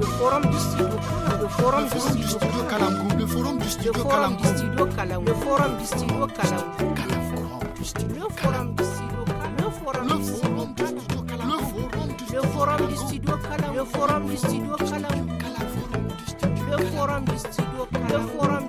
le forum du studio le forum du studio le forum du studio le forum du studio Kalamkou le forum du studio le forum du studio le forum du studio le forum du studio le forum du le forum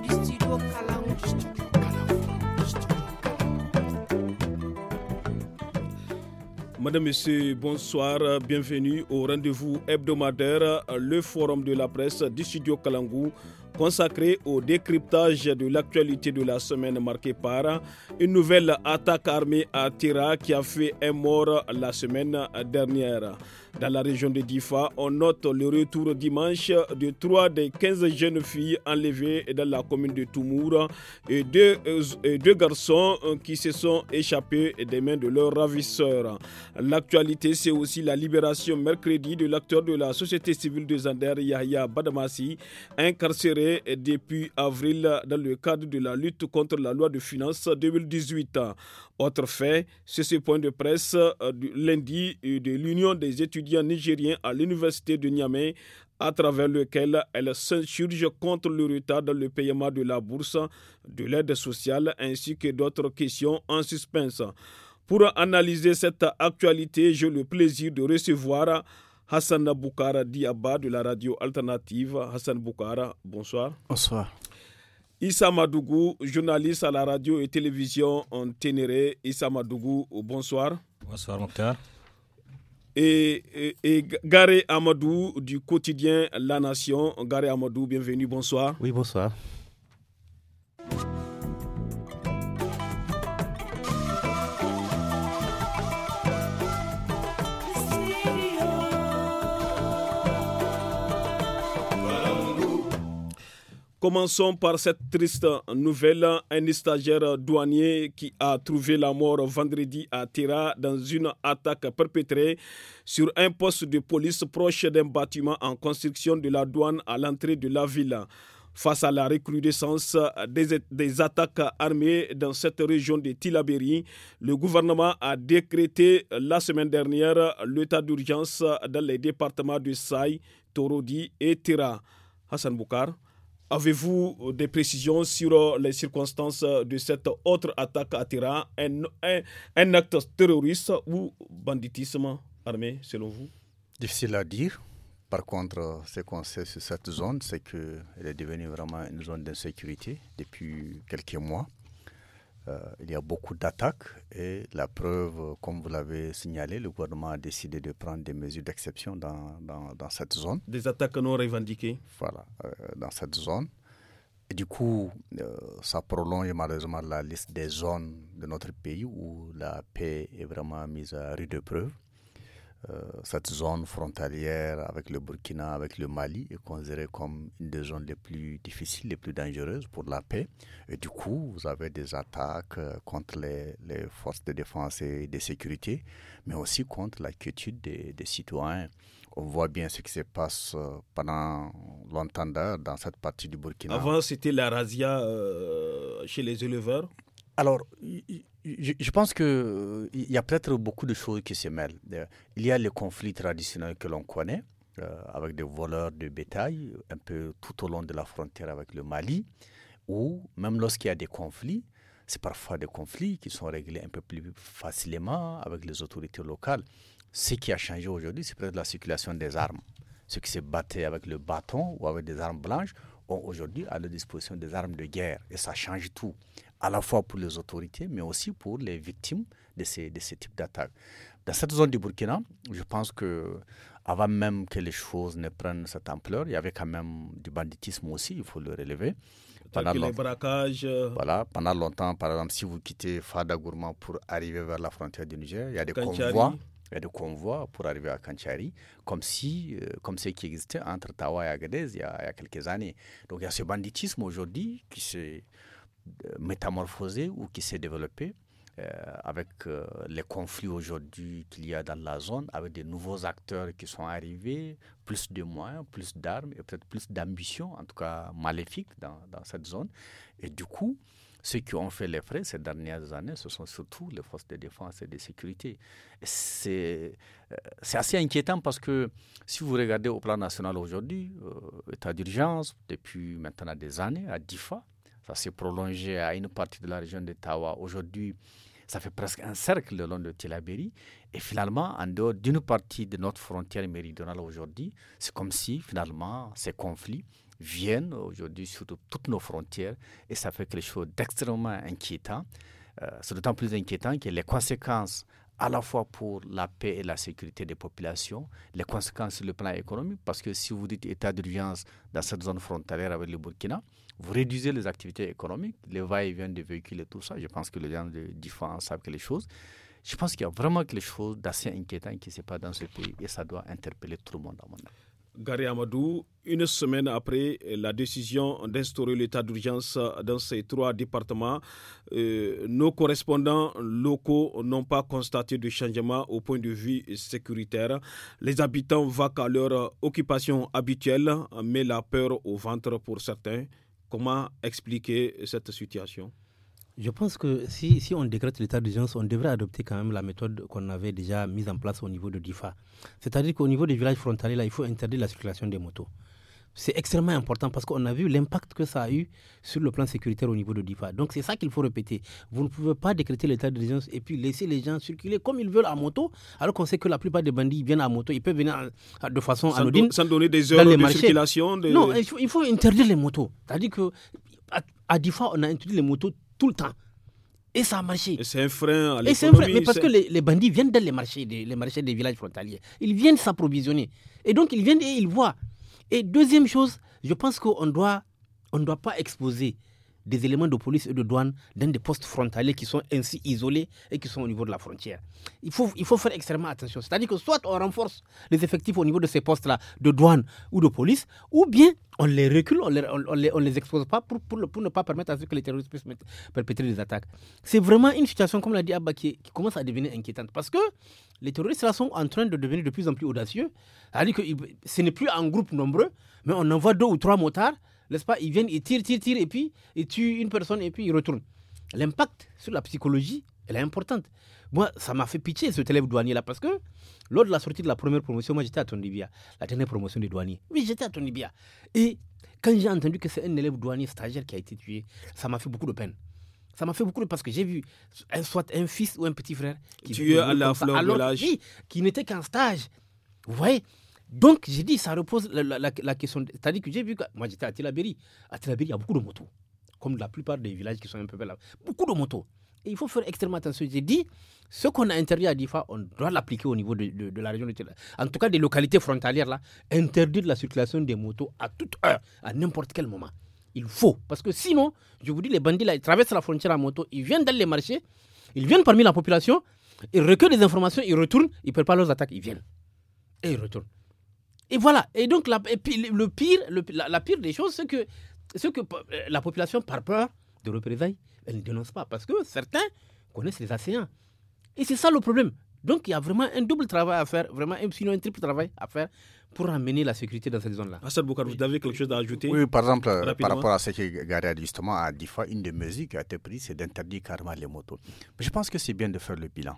Madame, Monsieur, bonsoir, bienvenue au rendez-vous hebdomadaire, le forum de la presse du studio Kalangou consacré au décryptage de l'actualité de la semaine marquée par une nouvelle attaque armée à Tira qui a fait un mort la semaine dernière. Dans la région de Difa, on note le retour dimanche de trois des 15 jeunes filles enlevées dans la commune de Toumour et deux, euh, deux garçons euh, qui se sont échappés des mains de leurs ravisseurs. L'actualité, c'est aussi la libération mercredi de l'acteur de la société civile de Zander, Yahya Badamassi, incarcéré depuis avril dans le cadre de la lutte contre la loi de finances 2018. Autre fait, c'est ce point de presse euh, du lundi de l'Union des étudiants Nigérien Nigérien à l'université de Niamey à travers lequel elle s'insurge contre le retard dans le paiement de la bourse, de l'aide sociale ainsi que d'autres questions en suspens. Pour analyser cette actualité, j'ai le plaisir de recevoir Hassan Boukara Diaba de la radio alternative. Hassan Boukara, bonsoir. Bonsoir. Issa Madougou, journaliste à la radio et télévision en Ténéré. Issa Madougou, bonsoir. Bonsoir, Mokhtar et, et, Garé Amadou du quotidien La Nation. Garé Amadou, bienvenue, bonsoir. Oui, bonsoir. Commençons par cette triste nouvelle. Un stagiaire douanier qui a trouvé la mort vendredi à Tira dans une attaque perpétrée sur un poste de police proche d'un bâtiment en construction de la douane à l'entrée de la ville face à la recrudescence des, attaques armées dans cette région de Tilaberi. Le gouvernement a décrété la semaine dernière l'état d'urgence dans les départements de Saï, Torodi et Tira. Hassan Boukar. Avez-vous des précisions sur euh, les circonstances euh, de cette autre attaque à Tira, un, un, acte terroriste ou banditisme armé, selon vous Difficile à dire. Par contre, ce qu'on sait sur cette zone, c'est qu'elle est devenue vraiment une zone d'insécurité depuis quelques mois. Euh, il y a beaucoup d'attaques et la preuve, comme vous l'avez signalé, le gouvernement a décidé de prendre des mesures d'exception dans, cette zone. Des attaques non revendiquées. Voilà, euh, dans cette zone. Et du coup, euh, ça prolonge malheureusement la liste des zones de notre pays où la paix est vraiment mise à rude épreuve. Euh, cette zone frontalière avec le Burkina, avec le Mali, est considérée comme une des zones les plus difficiles, les plus dangereuses pour la paix. Et du coup, vous avez des attaques euh, contre les, forces de défense et de sécurité, mais aussi contre la des, citoyens. On voit bien ce qui se passe euh, pendant longtemps dans cette partie du Burkina. Avant, c'était la razzia chez les éleveurs alors, je, pense qu'il euh, y a peut-être beaucoup de choses qui se mêlent. Il y a les conflits traditionnels que l'on connaît, euh, avec des voleurs de bétail, un peu tout au long de la frontière avec le Mali, où même lorsqu'il y a des conflits, c'est parfois des conflits qui sont réglés un peu plus facilement avec les autorités locales. Ce qui a changé aujourd'hui, c'est peut-être la circulation des armes. Ceux qui se battaient avec le bâton ou avec des armes blanches ont aujourd'hui à leur disposition des armes de guerre et ça change tout à la fois pour les autorités, mais aussi pour les victimes de ces, de ces types d'attaques. Dans cette zone du Burkina, je pense que avant même que les choses ne prennent cette ampleur, il y avait quand même du banditisme aussi, il faut le relever. Pendant les braquages. Euh, voilà, pendant longtemps, par exemple, si vous quittez Fada Gourma pour arriver vers la frontière du Niger, il y a des convois. Il des convois pour arriver à Kanchari, comme si, euh, comme qui existaient entre Tawa et Agadez il y, a, il y a quelques années. Donc il y a ce banditisme aujourd'hui qui s'est métamorphosé ou qui s'est développé euh, avec euh, les conflits aujourd'hui qu'il y a dans la zone, avec des nouveaux acteurs qui sont arrivés, plus de moyens, plus d'armes et peut-être plus d'ambition, en tout cas maléfique dans, dans, cette zone. Et du coup, ceux qui ont fait les frais ces dernières années, ce sont surtout les forces de défense et de sécurité. C'est euh, c'est assez inquiétant parce que si vous regardez au plan national aujourd'hui, état d'urgence, depuis maintenant des années, à 10 fois, ça s'est prolongé à une partie de la région d'Ottawa. Aujourd'hui, ça fait presque un cercle le long de Tillabéri. Et finalement, en dehors d'une partie de notre frontière méridionale aujourd'hui, c'est comme si finalement ces conflits viennent aujourd'hui sur toutes nos frontières et ça fait quelque chose d'extrêmement inquiétant. Euh, c'est d'autant plus inquiétant que les conséquences à la fois pour la paix et la sécurité des populations, les conséquences sur le plan économique, parce que si vous dites état d'urgence dans cette zone frontalière avec le Burkina, vous réduisez les activités économiques, les va-et-vient des véhicules et tout ça. Je pense que les gens de différents savent que les choses. Je pense qu'il y a vraiment quelque chose d'assez inquiétant qui se passe dans ce pays et ça doit interpeller tout le monde à Gary Amadou, une semaine après la décision d'instaurer l'état d'urgence dans ces trois départements, euh, nos correspondants locaux n'ont pas constaté de changement au point de vue sécuritaire. Les habitants vaquent à leur occupation habituelle, mais la peur au ventre pour certains. Comment expliquer cette situation je pense que si, on décrète l'état d'urgence, on devrait adopter quand même la méthode qu'on avait déjà mise en place au niveau de DIFA. C'est-à-dire qu'au niveau des villages frontaliers, là, il faut interdire la circulation des motos. C'est extrêmement important parce qu'on a vu l'impact que ça a eu sur le plan sécuritaire au niveau de DIFA. Donc c'est ça qu'il faut répéter. Vous ne pouvez pas décréter l'état d'urgence et puis laisser les gens circuler comme ils veulent à moto, alors qu'on sait que la plupart des bandits viennent à moto. Ils peuvent venir de façon sans anodine. sans donner des heures de circulation. Non, il faut, interdire les motos. C'est-à-dire qu'à à DIFA, on a interdit les motos tout le temps. Et ça a marché. C'est un frein à l'économie. c'est mais parce que les, bandits viennent dans les marchés, des, les marchés des villages frontaliers. Ils viennent s'approvisionner. Et donc, ils viennent et ils voient. Et deuxième chose, je pense qu'on doit, on ne doit pas exposer des éléments de police et de douane dans des postes frontaliers qui sont ainsi isolés et qui sont au niveau de la frontière. Il faut, il faut faire extrêmement attention. C'est-à-dire que soit on renforce les effectifs au niveau de ces postes-là de douane ou de police, ou bien on les recule, on les, on les, expose pas pour, pour, ne pas permettre à ce que les terroristes puissent perpétrer des attaques. C'est vraiment une situation, comme l'a dit Abba, qui, commence à devenir inquiétante parce que les terroristes là sont en train de devenir de plus en plus audacieux. C'est-à-dire que ce n'est plus un groupe nombreux, mais on envoie deux ou trois motards nest pas Ils viennent, ils tirent, tirent, tirent, et puis ils tuent une personne et puis ils retournent. L'impact sur la psychologie, elle est importante. Moi, ça m'a fait pitié, cet élève douanier-là, parce que lors de la sortie de la première promotion, moi j'étais à Tondibia, la dernière promotion des douaniers. Oui, j'étais à Tondibia. Et quand j'ai entendu que c'est un élève douanier stagiaire qui a été tué, ça m'a fait beaucoup de peine. Ça m'a fait beaucoup de peine parce que j'ai vu un, soit un fils ou un petit frère qui tué à la fleur de l'âge. Oui, qui n'était qu'en stage. Vous voyez donc, j'ai dit, ça repose la, la, question. C'est-à-dire que j'ai vu que. Moi, j'étais à Tilaberi. À Tilaberi, il y a beaucoup de motos. Comme la plupart des villages qui sont un peu là. Beaucoup de motos. Et il faut faire extrêmement attention. J'ai dit, ce qu'on a interdit à DIFA, on doit l'appliquer au niveau de, la région de Tilaberi. En tout cas, des localités frontalières, là, interdire la circulation des motos à toute heure, à n'importe quel moment. Il faut. Parce que sinon, je vous dis, les bandits, là, ils traversent la frontière à moto, ils viennent dans les marchés, ils viennent parmi la population, ils recueillent des informations, ils retournent, ils préparent leurs attaques, ils viennent. Et ils retournent. Et voilà. Et donc, la, le pire, la, pire des choses, c'est que, que euh, la population, par peur de représailles, elle ne dénonce pas. Parce que certains connaissent les ASEAN. Et c'est ça le problème. Donc, il y a vraiment un double travail à faire, vraiment, sinon un triple travail à faire pour amener la sécurité dans cette zone-là. Boukar, vous avez quelque chose à ajouter Oui, par exemple, euh, par rapport à ce est garé, justement à dit, fois, une des mesures qui a été prise, c'est d'interdire carrément les motos. Mais je pense que c'est bien de faire le bilan.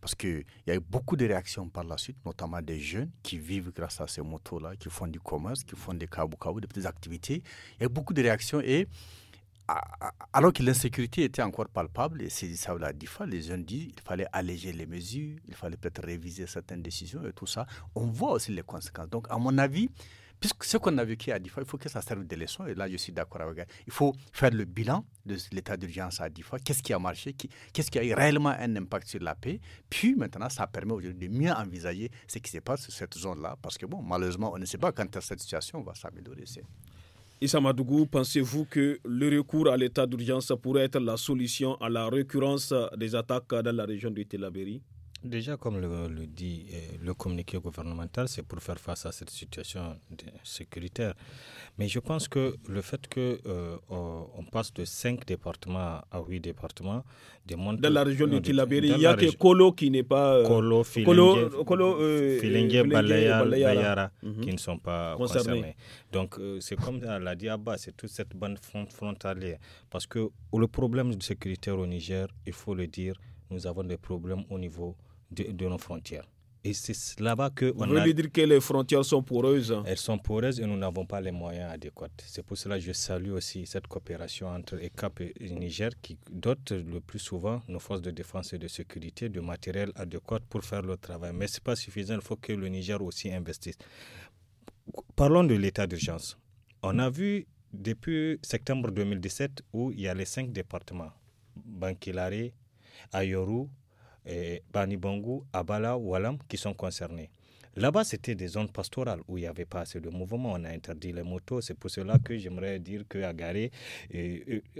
Parce qu'il y a eu beaucoup de réactions par la suite, notamment des jeunes qui vivent grâce à ces motos-là, qui font du commerce, qui font des kabukabu, des petites activités. Il y a eu beaucoup de réactions et alors que l'insécurité était encore palpable, et c'est ça la DIFA, les jeunes disent qu'il fallait alléger les mesures, il fallait peut-être réviser certaines décisions et tout ça. On voit aussi les conséquences. Donc, à mon avis, puisque ce qu'on a vécu à Difa, il faut que ça serve de leçon. Et là, je suis d'accord avec elle. Il faut faire le bilan de l'état d'urgence à Difa. Qu'est-ce qui a marché Qu'est-ce qui a eu réellement un impact sur la paix Puis maintenant, ça permet aujourd'hui de mieux envisager ce qui se passe sur cette zone-là. Parce que, bon, malheureusement, on ne sait pas quand cette situation va s'améliorer. Issa Madougou, pensez-vous que le recours à l'état d'urgence pourrait être la solution à la récurrence des attaques dans la région de Telabéry Déjà, comme le, dit euh, le communiqué gouvernemental, c'est pour faire face à cette situation de sécuritaire. Mais je pense que le fait que euh, on passe de 5 départements à 8 départements démontre... Dans la région du Tilabéry, il n'y a que Kolo qui n'est pas... Euh, Kolo, Filingue, Kolo, mhm. qui ne sont pas concernés. Donc, c'est comme l'a dit Abba, c'est toute cette bande frontalière. Parce que le problème sécuritaire au Niger, il faut le dire, nous avons des problèmes au niveau de, nos frontières. Et c'est là-bas que... Vous voulez dire que les frontières sont poreuses hein? Elles sont poreuses et nous n'avons pas les moyens adéquats. C'est pour cela que je salue aussi cette coopération entre ECAP et Niger qui dotent le plus souvent nos forces de défense et de sécurité de matériel adéquat pour faire le travail. Mais ce n'est pas suffisant, il faut que le Niger aussi investisse. Parlons de l'état d'urgence. On a vu depuis septembre 2017 où il y a les cinq départements, Bankilare, Ayoru, Bani Bangu, Abala, Walam qui sont concernés. Là-bas, c'était des zones pastorales où il n'y avait pas assez de mouvement. On a interdit les motos. C'est pour cela que j'aimerais dire qu'à Garé,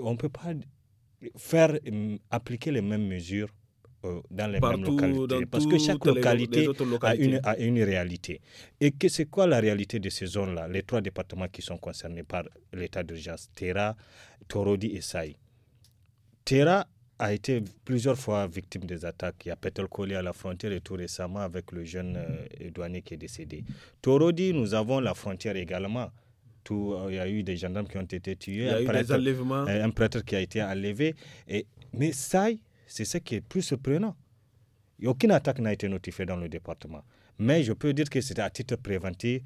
on ne peut pas faire mm, appliquer les mêmes mesures euh, dans les mêmes localités. Parce que chaque localité, a une, réalité. Et que c'est quoi la réalité de ces zones-là Les trois départements qui sont concernés par l'état d'urgence, Terra, Torodi et Saï. Terra a été plusieurs fois victime des attaques. Il y a collé à la frontière et tout récemment avec le jeune euh, douanier qui est décédé. dit nous avons la frontière également. Tout, euh, il y a eu des gendarmes qui ont été tués. Il y a un, eu prêtre, euh, un prêtre qui a été enlevé. Et, mais ça, c'est ce qui est plus surprenant aucune attaque n'a été notifiée dans le département. Mais je peux dire que c'est à titre préventif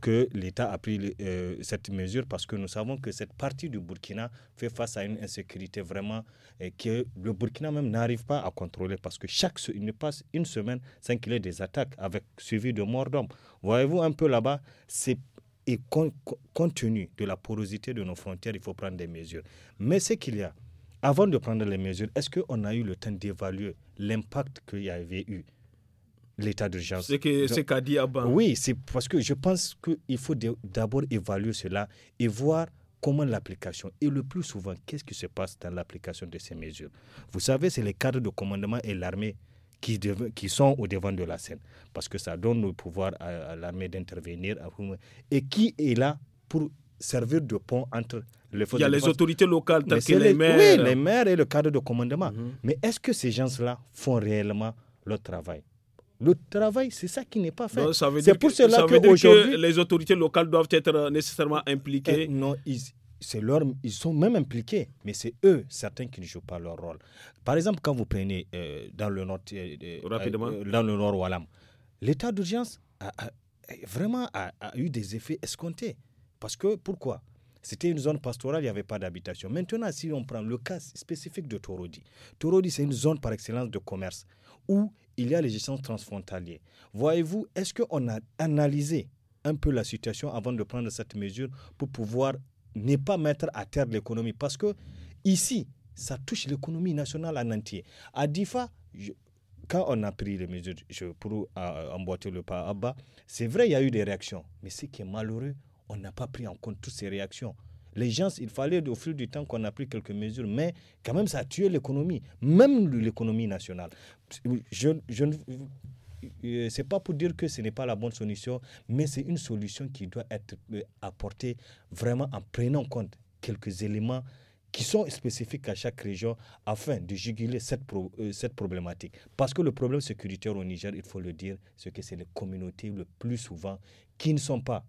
que l'État a pris euh, cette mesure parce que nous savons que cette partie du Burkina fait face à une insécurité vraiment euh, que le Burkina même n'arrive pas à contrôler parce que chaque il ne passe une semaine sans qu'il y ait des attaques avec suivi de morts d'hommes. Voyez-vous un peu là-bas, c'est et compte tenu de la porosité de nos frontières, il faut prendre des mesures. Mais ce qu'il y a, avant de prendre les mesures, est-ce qu'on a eu le temps d'évaluer l'impact qu'il y avait eu l'état d'urgence. C'est ce qu'a dit Abba. Oui, c'est parce que je pense qu'il faut d'abord évaluer cela et voir comment l'application. Et le plus souvent, qu'est-ce qui se passe dans l'application de ces mesures Vous savez, c'est les cadres de commandement et l'armée qui, qui, sont au devant de la scène, parce que ça donne le pouvoir à, à l'armée d'intervenir. Et qui est là pour servir de pont entre les Il y a les autorités locales, tant que les, maires. Oui, les maires et le cadre de commandement. Mhm. Mais est-ce que ces gens-là font réellement leur travail le travail, c'est ça qui n'est pas fait. C'est pour cela Que les autorités locales doivent être nécessairement impliquées. Eh, non, ils, leur, ils sont même impliqués, mais c'est eux, certains, qui ne jouent pas leur rôle. Par exemple, quand vous prenez euh, dans le nord, euh, euh, Rapidement. dans le nord Walam, l'état d'urgence a, a, vraiment a, eu des effets escomptés. Parce que, pourquoi c'était une zone pastorale, il n'y avait pas d'habitation. Maintenant, si on prend le cas spécifique de Torodi, Torodi, c'est une zone par excellence de commerce où il y a les échanges transfrontaliers. Voyez-vous, est-ce qu'on a analysé un peu la situation avant de prendre cette mesure pour pouvoir ne pas mettre à terre l'économie Parce que ici, ça touche l'économie nationale en entier. À Difa, quand on a pris les mesures je, pour euh, emboîter le pas à bas, c'est vrai, il y a eu des réactions. Mais ce qui est malheureux, on n'a pas pris en compte toutes ces réactions. Les gens, il fallait au fil du temps qu'on a pris quelques mesures, mais quand même, ça a tué l'économie, même l'économie nationale. Je, je euh, C'est pas pour dire que ce n'est pas la bonne solution, mais c'est une solution qui doit être euh, apportée vraiment en prenant en compte quelques éléments qui sont spécifiques à chaque région afin de juguler cette, euh, cette problématique. Parce que le problème sécuritaire au Niger, il faut le dire, c'est que c'est les communautés le plus souvent qui ne sont pas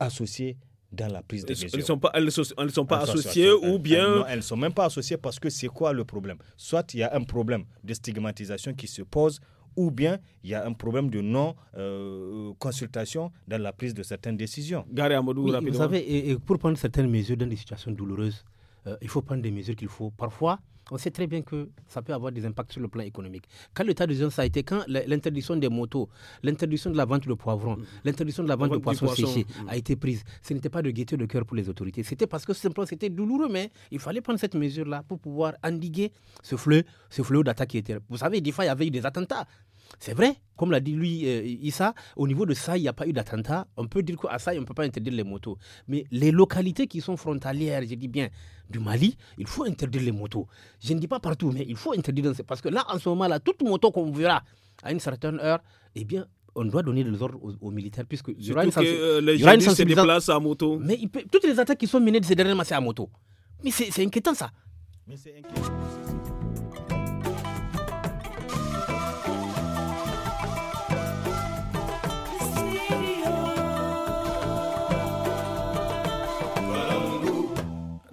associées dans la prise de décision. elles ne sont, pas associées ou bien... Elles, non, elles ne sont même pas associées parce que c'est quoi le problème Soit il y a un problème de stigmatisation qui se pose ou bien il y a un problème de non-consultation euh, dans la prise de certaines décisions. Vous savez, et, pour prendre certaines mesures dans des situations douloureuses, euh, il faut prendre des mesures qu'il faut. Parfois, on sait très bien que ça peut avoir des impacts sur le plan économique. Quand l'état de ça a été, quand l'interdiction des motos, l'interdiction de la vente de poivrons, mm. l'interdiction de la vente, de poissons poisson, séchés mm. a été prise, ce n'était pas de gaieté de cœur pour les autorités. C'était parce que simplement c'était douloureux, mais il fallait prendre cette mesure-là pour pouvoir endiguer ce fléau ce fleuve d'attaque qui était. Vous savez, des fois, il y avait eu des attentats. C'est vrai, comme l'a dit lui euh, Issa, au niveau de ça, il n'y a pas eu d'attentat. On peut dire qu'à ça, on ne peut pas interdire les motos. Mais les localités qui sont frontalières, je dis bien, du Mali, il faut interdire les motos. Je ne dis pas partout, mais il faut interdire. Parce que là, en ce moment-là, toute moto qu'on verra à une certaine heure, eh bien, on doit donner des ordres aux, militaires puisque que, euh, les gens se déplacent à moto. Mais toutes les attaques qui sont menées de ces dernières mois, c'est à moto. Mais c'est inquiétant ça. Mais c'est inquiétant.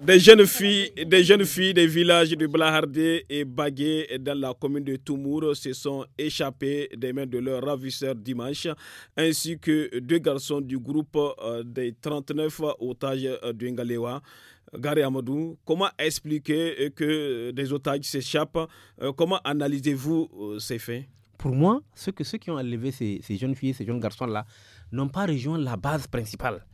Des jeunes filles, des jeunes filles des villages de Blahardé et Bagué dans la commune de Toumour se sont échappées des mains de leurs ravisseurs dimanche, ainsi que deux garçons du groupe euh, des 39 otages euh, du Ngalewa. Gary Amadou, comment expliquer euh, que des otages s'échappent Comment analysez-vous ces faits Pour moi, ceux, que, ceux qui ont enlevé ces, ces jeunes filles, ces jeunes garçons-là, n'ont pas rejoint la base principale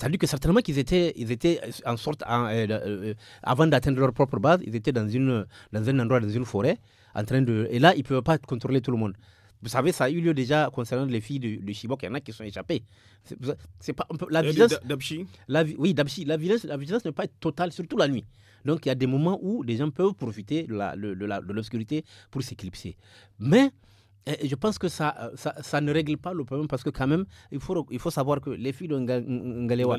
c'est-à-dire que certainement qu'ils étaient, ils étaient en sorte, euh, euh, avant d'atteindre leur propre base, ils étaient dans, une, dans un endroit, dans une forêt, en train de. Et là, ils ne pouvaient pas contrôler tout le monde. Vous savez, ça a eu lieu déjà concernant les filles de, Chibok. Il y en a qui sont échappées. C'est pas la euh, violence. La, oui, La violence, la violence ne pas totale, surtout la nuit. Donc, il y a des moments où les gens peuvent profiter de l'obscurité pour s'éclipser. Mais eh, je pense que euh, ça, ça, ne règle pas le problème parce que quand même, il faut, il faut savoir que les filles de Ngalewa,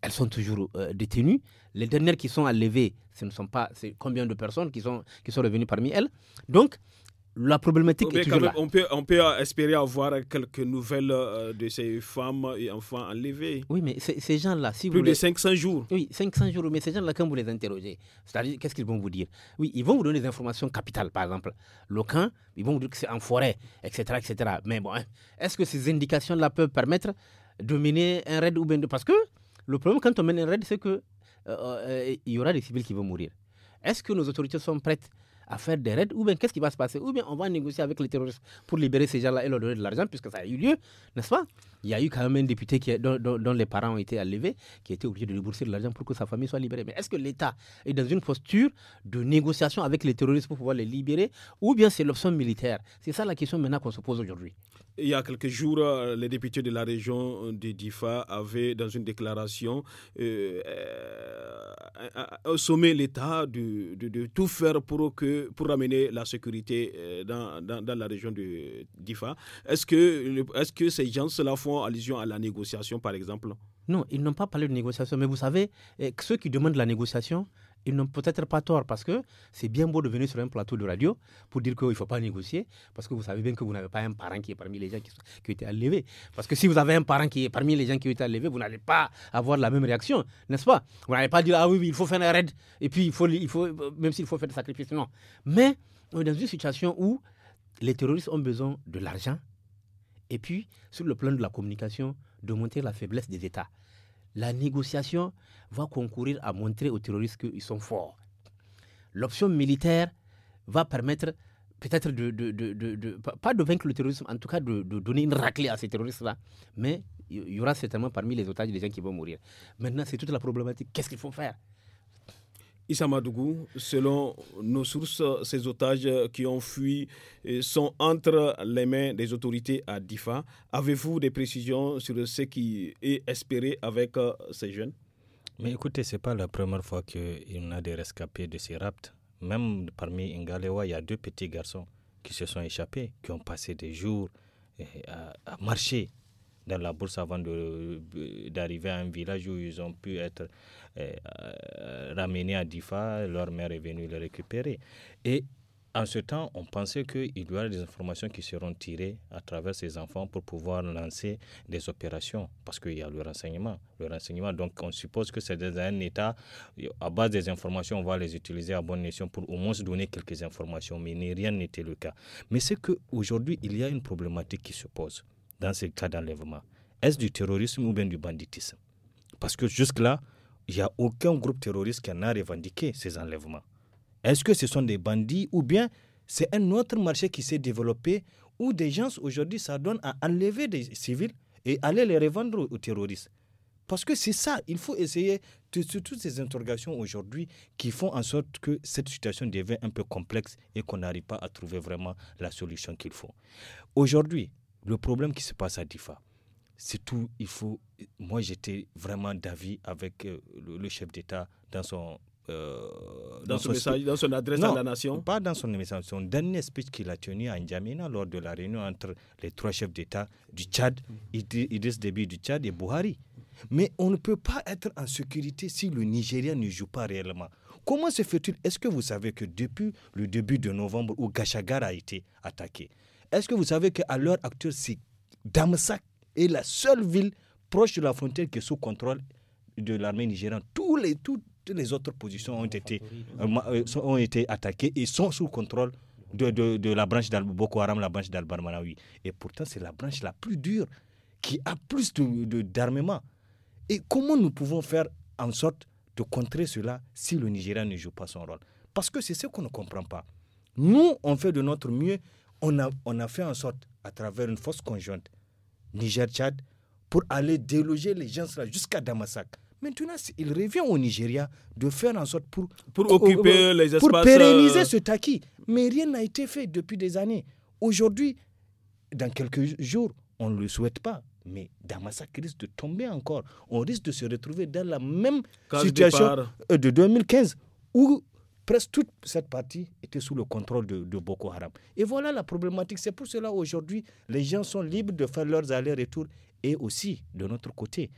elles sont toujours euh, détenues. Les dernières qui sont enlevées, ce ne sont pas combien de personnes qui sont, qui sont revenues parmi elles. Donc, la problématique est toujours là. On peut, on peut euh, espérer avoir quelques nouvelles euh, de ces femmes et enfants enlevés. Oui, mais ces gens-là, si vous... Plus de 500 jours. Oui, 500 jours, mais ces gens-là, quand vous les interrogez, c'est-à-dire, qu'est-ce qu'ils vont vous dire Oui, ils vont vous donner des informations capitales, par exemple. Le camp, ils vont vous dire que c'est en forêt, etc., etc. Mais bon, hein, est-ce que ces indications-là peuvent permettre de mener un raid ou bien... Parce que le problème, quand on mène un raid, c'est que euh, il y aura des civils qui vont mourir. Est-ce que nos autorités sont prêtes à faire des raids, ou bien qu'est-ce qui va se passer Ou bien on va négocier avec les terroristes pour libérer ces gens-là et leur donner de l'argent, puisque ça a eu lieu, n'est-ce pas Il y a eu quand même un député qui dont, les parents ont été enlevés, qui a été obligé de débourser de l'argent pour que sa famille soit libérée. Mais est-ce que l'État est dans une posture de négociation avec les terroristes pour pouvoir les libérer, ou bien c'est l'option militaire C'est ça la question maintenant qu'on se pose aujourd'hui. Il y a quelques jours, euh, les députés de la région de Difa avaient, dans une déclaration, euh, euh, sommé l'État de, tout faire pour, que, pour la sécurité dans, la région de Difa. Est-ce que, ces gens cela font allusion à la négociation, par exemple Non, ils n'ont pas parlé de négociation. Mais vous savez, ceux qui demandent la négociation, ils n'ont peut-être pas tort parce que c'est bien beau de venir sur un plateau de radio pour dire qu'il ne faut pas négocier parce que vous savez bien que vous n'avez pas un parent qui est parmi les gens qui, ont été enlevés. Parce que si vous avez un parent qui est parmi les gens qui ont été enlevés, vous n'allez pas avoir la même réaction, n'est-ce pas Vous n'allez pas dire ah oui, il faut faire un raid et puis il faut, il faut même s'il faut faire des sacrifices, non. Mais on est dans une situation où les terroristes ont besoin de l'argent et puis sur le plan de la communication, de monter la faiblesse des États la négociation va concourir à montrer aux terroristes qu'ils sont forts. L'option militaire va permettre peut-être de, pas de vaincre le terrorisme, en tout cas de, donner une raclée à ces terroristes-là. Mais il y aura certainement parmi les otages des gens qui vont mourir. Maintenant, c'est toute la problématique. Qu'est-ce qu'il faut faire Issa selon nos sources, ces otages qui ont fui euh, sont entre les mains des autorités à Difa. Avez-vous des précisions sur ce qui est espéré avec euh, ces jeunes Mais écoutez, ce n'est pas la première fois y a des rescapés de ces raptes. Même parmi Ngalewa, il y a deux petits garçons qui se sont échappés, qui ont passé des jours euh, à marcher dans la bourse avant d'arriver à un village où ils ont pu être euh, euh, ramenés à Difa, leur mère est venue les récupérer. Et en ce temps, on pensait qu'il y aurait des informations qui seront tirées à travers ces enfants pour pouvoir lancer des opérations, parce qu'il y a le renseignement. Le renseignement, donc on suppose que c'est un état, à base des informations, on va les utiliser à bonne notion pour au moins se donner quelques informations, mais rien n'était le cas. Mais c'est qu'aujourd'hui, il y a une problématique qui se pose dans ces cas d'enlèvement Est-ce du terrorisme ou bien du banditisme Parce que jusque-là, il n'y a aucun groupe terroriste qui en a revendiqué ces enlèvements. Est-ce que ce sont des bandits ou bien c'est un autre marché qui s'est développé où des gens aujourd'hui s'adonnent à enlever des civils et aller les revendre aux terroristes Parce que c'est ça, il faut essayer de, de toutes ces interrogations aujourd'hui qui font en sorte que cette situation devient un peu complexe et qu'on n'arrive pas à trouver vraiment la solution qu'il faut. Aujourd'hui, le problème qui se passe à Difa, c'est tout. Il faut. Moi, j'étais vraiment d'avis avec euh, le, chef d'État dans son euh, dans, son message, dans son adresse à la nation Pas dans son message, son dernier speech qu'il a tenu à N'Djamena lors de la réunion entre les trois chefs d'État du Tchad, mhm. Idriss Déby du Tchad et Buhari. Mais on ne peut pas être en sécurité si le Nigeria ne joue pas réellement. Comment se fait-il Est-ce que vous savez que depuis le début de novembre où Gachagar a été attaqué, est-ce que vous savez qu'à l'heure actuelle, c'est Damasak est la seule ville proche de la frontière qui est sous contrôle de l'armée nigérienne. Tous les, toutes les autres positions ont été, euh, euh, ont été attaquées et sont sous contrôle de, la branche d'Al Boko Haram, la branche d'Al-Barmanawi. Et pourtant, c'est la branche la plus dure, qui a plus d'armement. et comment nous pouvons faire en sorte de contrer cela si le Nigeria ne joue pas son rôle Parce que c'est ce qu'on ne comprend pas. Nous, on fait de notre mieux, on a, on a fait en sorte, à travers une force conjointe, Niger-Tchad, pour aller déloger les gens là jusqu'à Damasak. Maintenant, il revient au Nigeria de faire en sorte pour, pour occuper euh, les espaces. Pour pérenniser euh, ce taquis. Mais rien n'a été fait depuis des années. Aujourd'hui, dans quelques jours, on ne le souhaite pas. Mais Damasak risque de tomber encore. On risque de se retrouver dans la même situation euh, de 2015 où presque toute cette partie était sous le contrôle de, Boko Haram. Et voilà la problématique. C'est pour cela aujourd'hui, les gens sont libres de faire leurs allers-retours et aussi de notre côté.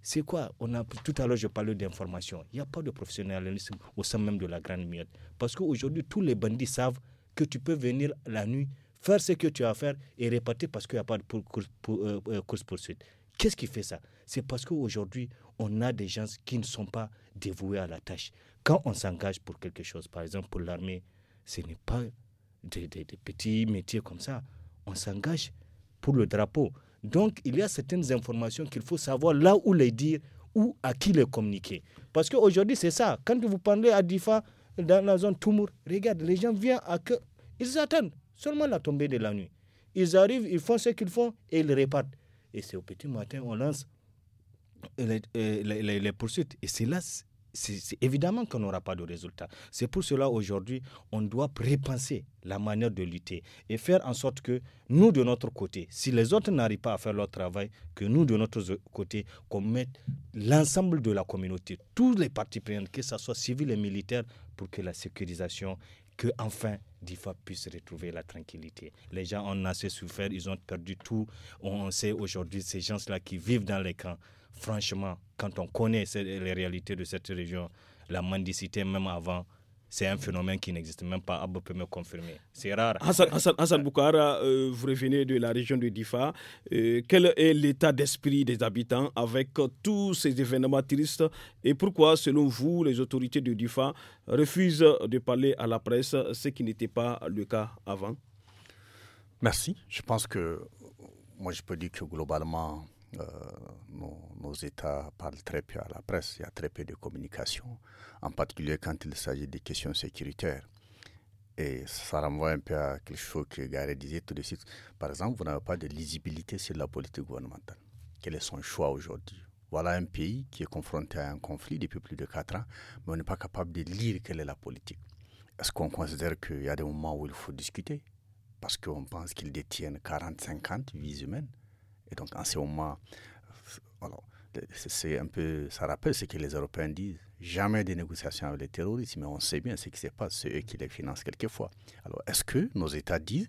C'est quoi On a tout à l'heure je parlais d'information. Il n'y a pas de professionnalisme au sein même de la grande Miette. parce qu'aujourd'hui tous les bandits savent que tu peux venir la nuit faire ce que tu as à faire et répartir parce qu'il n'y a pas de euh, euh, course poursuite. Qu'est-ce qui fait ça C'est parce qu'aujourd'hui, on a des gens qui ne sont pas dévoués à la tâche. Quand on s'engage pour quelque chose, par exemple pour l'armée, ce n'est pas des, des, petits métiers comme ça. On s'engage pour le drapeau. Donc, il y a certaines informations qu'il faut savoir là où les dire ou à qui les communiquer. Parce qu'aujourd'hui, c'est ça. Quand vous parlez à Difa, dans la zone Toumour, regarde, les gens viennent à que. Ils attendent seulement la tombée de la nuit. Ils arrivent, ils font ce qu'ils font et ils repartent. Et c'est au petit matin, on lance euh, les, les, poursuites. Et c'est là, c'est évidemment qu'on n'aura pas de résultat. C'est pour cela aujourd'hui, on doit repenser la manière de lutter et faire en sorte que nous, de notre côté, si les autres n'arrivent pas à faire leur travail, que nous, de notre côté, qu'on mette l'ensemble de la communauté, tous les partis que ce soit civil et militaire, pour que la sécurisation, que enfin DIFA puisse retrouver la tranquillité. Les gens ont assez souffert, ils ont perdu tout. On sait aujourd'hui ces gens-là qui vivent dans les camps franchement, quand on connaît les réalités de cette région, la mendicité même avant, c'est un phénomène qui n'existe même pas. Abba peut me confirmer. C'est rare. Hassan, Boukara, euh, vous revenez de la région de Difa. Euh, quel est l'état d'esprit des habitants avec euh, tous ces événements tristes et pourquoi, selon vous, les autorités de Difa refusent de parler à la presse, ce qui n'était pas le cas avant Merci. Je pense que moi, je peux dire que globalement, euh, nos, États parlent très peu à la presse, il y a très peu de communication, en particulier quand il s'agit des questions sécuritaires. Et ça renvoie un peu à quelque chose que Gary disait tout de suite. Par exemple, vous n'avez pas de lisibilité sur la politique gouvernementale. Quel est son choix aujourd'hui Voilà un pays qui est confronté à un conflit depuis plus de 4 ans, mais on n'est pas capable de lire quelle est la politique. Est-ce qu'on considère qu'il y a des moments où il faut discuter Parce qu'on pense qu'ils détiennent 40-50 vies humaines et donc, en ce moment, euh, c'est un peu, ça rappelle ce que les Européens disent. Jamais des négociations avec les terroristes, mais on sait bien ce qui se passe, c'est eux qui les financent quelquefois. Alors, est-ce que nos États disent,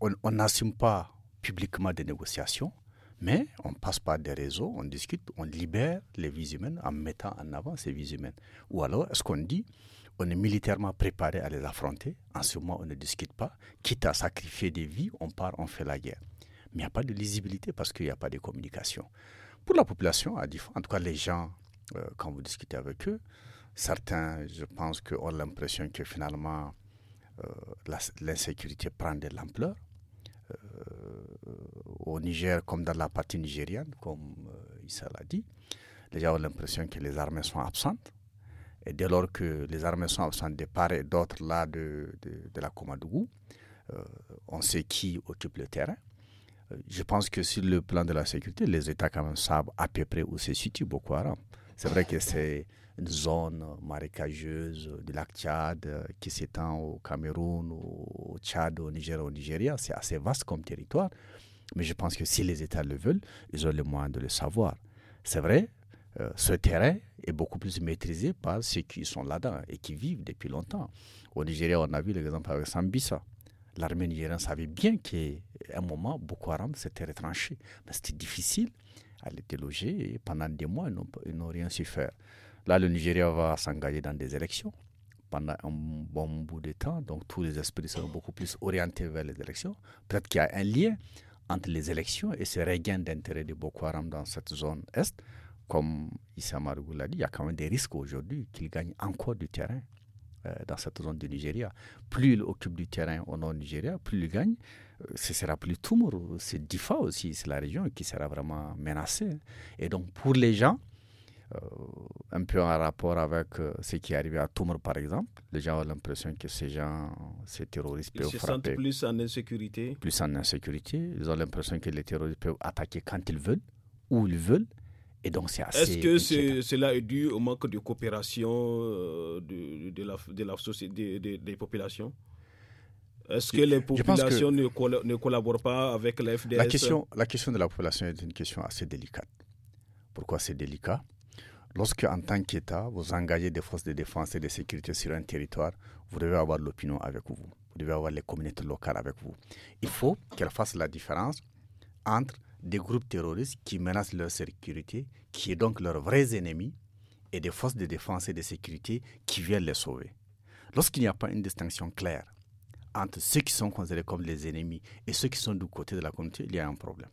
on n'assume pas publiquement des négociations, mais on passe par des réseaux, on discute, on libère les vies humaines en mettant en avant ces vies humaines. Ou alors, est-ce qu'on dit, on est militairement préparé à les affronter, en ce moment on ne discute pas, quitte à sacrifier des vies, on part, on fait la guerre mais il n'y a pas de lisibilité parce qu'il n'y a pas de communication. Pour la population, à en tout cas les gens, euh, quand vous discutez avec eux, certains, je pense, que ont l'impression que finalement euh, l'insécurité prend de l'ampleur. Euh, au Niger, comme dans la partie nigériane, comme Issa l'a dit, les gens ont l'impression que les armées sont absentes. Et dès lors que les armées sont absentes de part et d'autre là de, de, la Komadougou, on sait qui occupe le terrain. Euh, je pense que sur le plan de la sécurité, les États quand même savent à peu près où se situe Boko Haram. C'est vrai que c'est une zone marécageuse du lac Tchad euh, qui s'étend au Cameroun, au Tchad, au Niger, au Nigeria. C'est assez vaste comme territoire. Mais je pense que si les États le veulent, ils ont le moyen de le savoir. C'est vrai, euh, ce terrain est beaucoup plus maîtrisé par ceux qui sont là-dedans et qui vivent depuis longtemps. Au Nigeria, on a vu l'exemple avec Sambisa l'armée nigérienne savait bien qu'à un moment, Boko Haram s'était retranché. Mais c'était difficile elle était logée et pendant des mois, ils n'ont rien su faire. Là, le Nigeria va s'engager dans des élections pendant un bon bout de temps, donc tous les esprits seront beaucoup plus orientés vers les élections. Peut-être qu'il y a un lien entre les élections et ce regain d'intérêt de Boko Haram dans cette zone Est. Comme Issa Marugou l'a dit, il y a quand même des risques aujourd'hui qu'il gagne encore du terrain euh, dans cette zone du Nigeria. Plus il occupe du terrain au nord du Nigeria, plus il gagne. Euh, ce sera plus Toumour, c'est Difa aussi, c'est la région qui sera vraiment menacée. Et donc pour les gens, euh, un peu en rapport avec ce qui est arrivé à Toumour, par exemple. Les gens ont l'impression que ces gens, ces terroristes peuvent ils se Sentent plus en insécurité. Plus en insécurité. Ils ont l'impression que les terroristes peuvent attaquer quand ils veulent, où ils veulent donc, Est-ce que cela est dû au manque de coopération euh, de, de la, société, des populations est-ce que les populations ne, collaborent pas avec la la question, la question de la population est une question assez délicate. Pourquoi c'est délicat Lorsque, en tant qu'État, vous engagez des forces de défense et de sécurité sur un territoire, vous devez avoir l'opinion avec vous. Vous devez avoir les communautés locales avec vous. Il faut qu'elles fassent la différence entre des groupes terroristes qui menacent leur sécurité, qui est donc leurs vrais ennemis, et des forces de défense et de sécurité qui viennent les sauver. Lorsqu'il n'y a pas une distinction claire entre ceux qui sont considérés comme les ennemis et ceux qui sont du côté de la communauté, il y a un problème.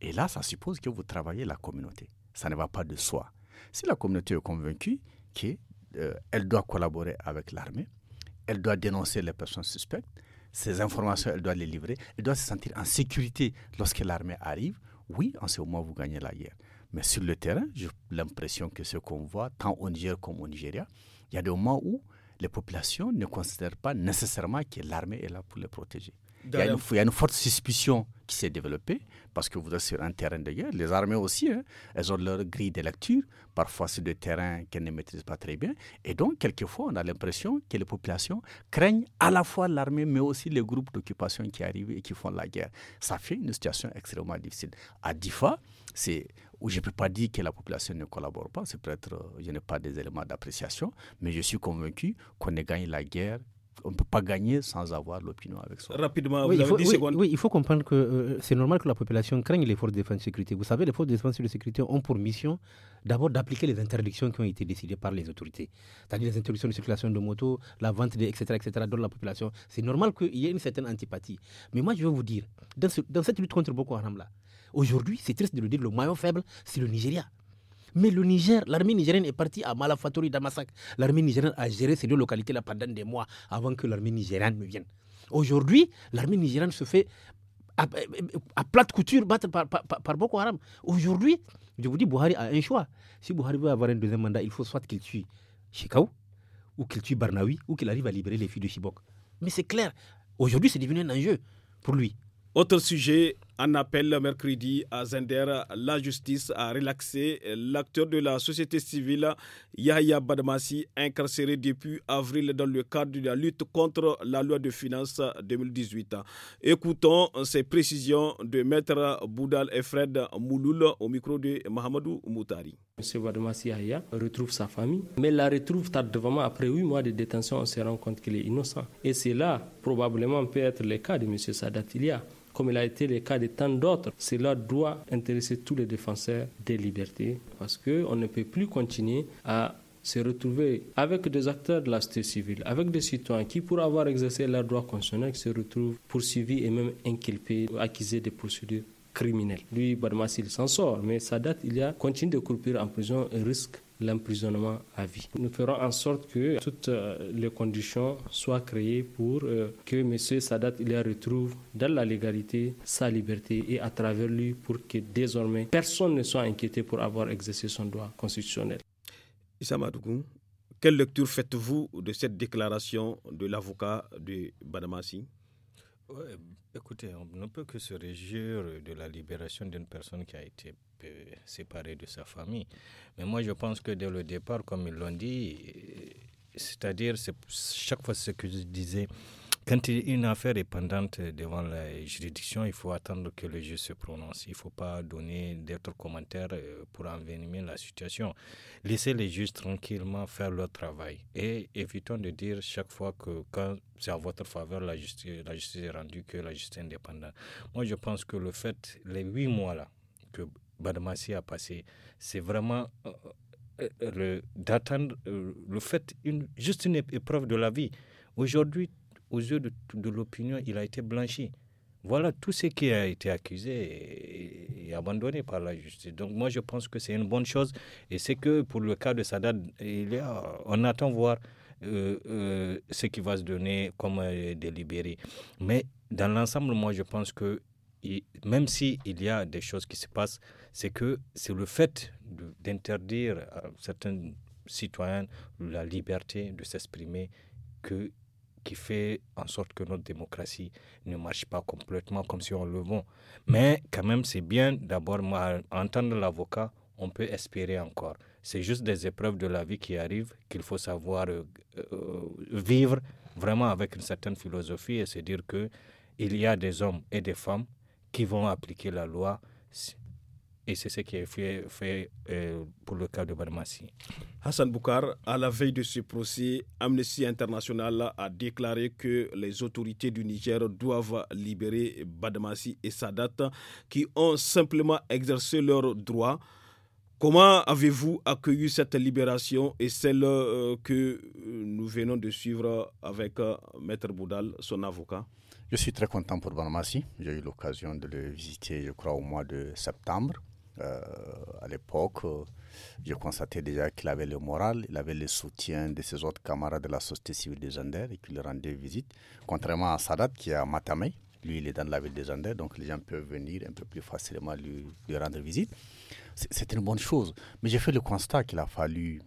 Et là, ça suppose que vous travaillez la communauté. Ça ne va pas de soi. Si la communauté est convaincue qu'elle euh, doit collaborer avec l'armée, elle doit dénoncer les personnes suspectes, ces informations, elle doit les livrer, elle doit se sentir en sécurité lorsque l'armée arrive. Oui, en ce moment, vous gagnez la guerre. Mais sur le terrain, j'ai l'impression que ce qu'on voit, tant au Niger comme au Nigeria, il y a des moments où les populations ne considèrent pas nécessairement que l'armée est là pour les protéger il y, a une forte suspicion qui s'est développée parce que vous êtes sur un terrain de guerre. Les armées aussi, hein, elles ont leur grille de lecture. Parfois, c'est des terrains qu'elles ne maîtrisent pas très bien. Et donc, quelquefois, on a l'impression que les populations craignent à la fois l'armée, mais aussi les groupes d'occupation qui arrivent et qui font la guerre. Ça fait une situation extrêmement difficile. À Difa, c'est où je ne peux pas dire que la population ne collabore pas, c'est peut-être, euh, je n'ai pas des éléments d'appréciation, mais je suis convaincu qu'on ait gagné la guerre on ne peut pas gagner sans avoir l'opinion avec soi. Rapidement, vous il, faut, avez 10 secondes. Oui, il faut comprendre que euh, c'est normal que la population craigne les forces de défense de sécurité. Vous savez, les forces de défense de sécurité ont pour mission d'abord d'appliquer les interdictions qui ont été décidées par les autorités. C'est-à-dire les interdictions de circulation de motos, la vente, de, etc., etc., dans la population. C'est normal qu'il y ait une certaine antipathie. Mais moi, je veux vous dire, dans, cette lutte contre Boko Haram-là, aujourd'hui, c'est triste de le dire, le maillon faible, c'est le Nigeria. Mais le Niger, l'armée nigérienne est partie à Malafatouri, Damasak. L'armée nigérienne a géré ces deux localités-là pendant des mois avant que l'armée nigérienne ne vienne. Aujourd'hui, l'armée nigérienne se fait à, plate couture battre par, Boko Haram. Aujourd'hui, je vous dis, Buhari a un choix. Si Buhari veut avoir un deuxième mandat, il faut soit qu'il tue Shekau, ou qu'il tue Barnawi, ou qu'il arrive à libérer les filles de Chibok. Mais c'est clair, aujourd'hui, c'est devenu un enjeu pour lui. Autre sujet, en appel mercredi à Zender, la justice a relaxé l'acteur de la société civile Yahya Badmassi, incarcéré depuis avril dans le cadre de la lutte contre la loi de finances 2018. Écoutons ces précisions de Maître Boudal et Fred Mouloul au micro de Mahamadou Moutari. Monsieur Badmassi Yahya retrouve sa famille, mais la retrouve tardivement après huit mois de détention. On se rend compte qu'il est innocent. Et c'est là, probablement, peut être le cas de Monsieur Sadatilia comme il a été le cas de tant d'autres. Cela doit intéresser tous les défenseurs des libertés parce qu'on ne peut plus continuer à se retrouver avec des acteurs de la société civile, avec des citoyens qui, pour avoir exercé leurs droits constitutionnels, se retrouvent poursuivis et même inculpés, ou accusés de procédures criminelles. Lui, Barmas, il s'en sort, mais sa date, il a continue de courir en prison et risque l'emprisonnement à vie. Nous ferons en sorte que toutes euh, les conditions soient créées pour euh, que M. Sadat il retrouve dans la légalité sa liberté et à travers lui pour que désormais personne ne soit inquiété pour avoir exercé son droit constitutionnel. Issa quelle lecture faites-vous de cette déclaration de l'avocat de Badamassi écoutez, on ne peut que se réjouir de la libération d'une personne qui a été euh, séparée de sa famille. Mais moi, je pense que dès le départ, comme ils l'ont dit, euh, c'est-à-dire, c'est chaque fois ce que je disais, quand une affaire est pendante devant la juridiction, il faut attendre que le juge se prononce. Il ne faut pas donner d'autres commentaires euh, pour envenimer la situation. Laissez les juges tranquillement faire leur travail et évitons de dire chaque fois que quand c'est à votre faveur la justice, la justice est rendue que la justice est indépendante. Moi, je pense que le fait, les huit mois là que Badmassi a passé, c'est vraiment euh, euh, d'attendre le fait, une, juste une épreuve de la vie. Aujourd'hui, aux yeux de, l'opinion, il a été blanchi. Voilà tout ce qui a été accusé et, abandonné par la justice. Donc moi, je pense que c'est une bonne chose. Et c'est que pour le cas de Sadat, il on attend voir euh, euh, ce qui va se donner comme délibéré. Mais dans l'ensemble, moi, je pense que même s'il il y a des choses qui se passent, c'est que c'est le fait d'interdire à certains citoyens la liberté de s'exprimer que qui fait en sorte que notre démocratie ne marche pas complètement comme si on le veut. Mais quand même, c'est bien d'abord entendre l'avocat, on peut espérer encore. C'est juste des épreuves de la vie qui arrivent qu'il faut savoir euh, euh, vivre vraiment avec une certaine philosophie et se dire que il y a des hommes et des femmes qui vont appliquer la loi et c'est ce qui est fait, fait euh, pour le cas de Barmassi. Hassan Boukar, à la veille de ce procès, Amnesty International a déclaré que les autorités du Niger doivent libérer Badmassi et Sadat qui ont simplement exercé leurs droits. Comment avez-vous accueilli cette libération et celle euh, que nous venons de suivre avec euh, Maître Boudal, son avocat Je suis très content pour Barmassi. J'ai eu l'occasion de le visiter, je crois, au mois de septembre. Euh, à l'époque, euh, je constatais déjà qu'il avait le moral, il avait le soutien de ses autres camarades de la société civile des Andes et qu'il lui rendait visite. Contrairement à Sadat qui est à Matamey, lui il est dans la ville des Andes, donc les gens peuvent venir un peu plus facilement lui, lui rendre visite. C'est une bonne chose. Mais j'ai fait le constat qu'il a fallu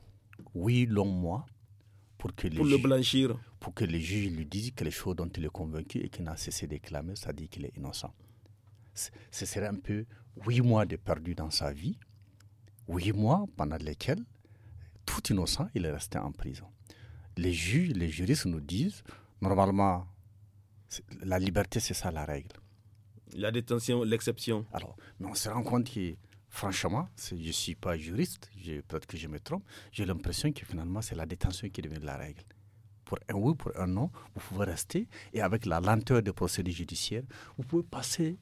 huit longs mois pour que les pour le blanchir. Pour que les juges lui disent les choses dont il est convaincu et qu'il n'a cessé d'éclamer, clamer, c'est-à-dire qu'il est innocent. Ce serait un peu huit mois de perdu dans sa vie, huit mois pendant lesquels, tout innocent, il est resté en prison. Les juges, les juristes nous disent, normalement, la liberté, c'est ça la règle. La détention, l'exception. Alors, on se rend compte que, franchement, je ne suis pas juriste, peut-être que je me trompe, j'ai l'impression que finalement, c'est la détention qui devient la règle. Pour un oui, pour un non, vous pouvez rester, et avec la lenteur des procédures judiciaires, vous pouvez passer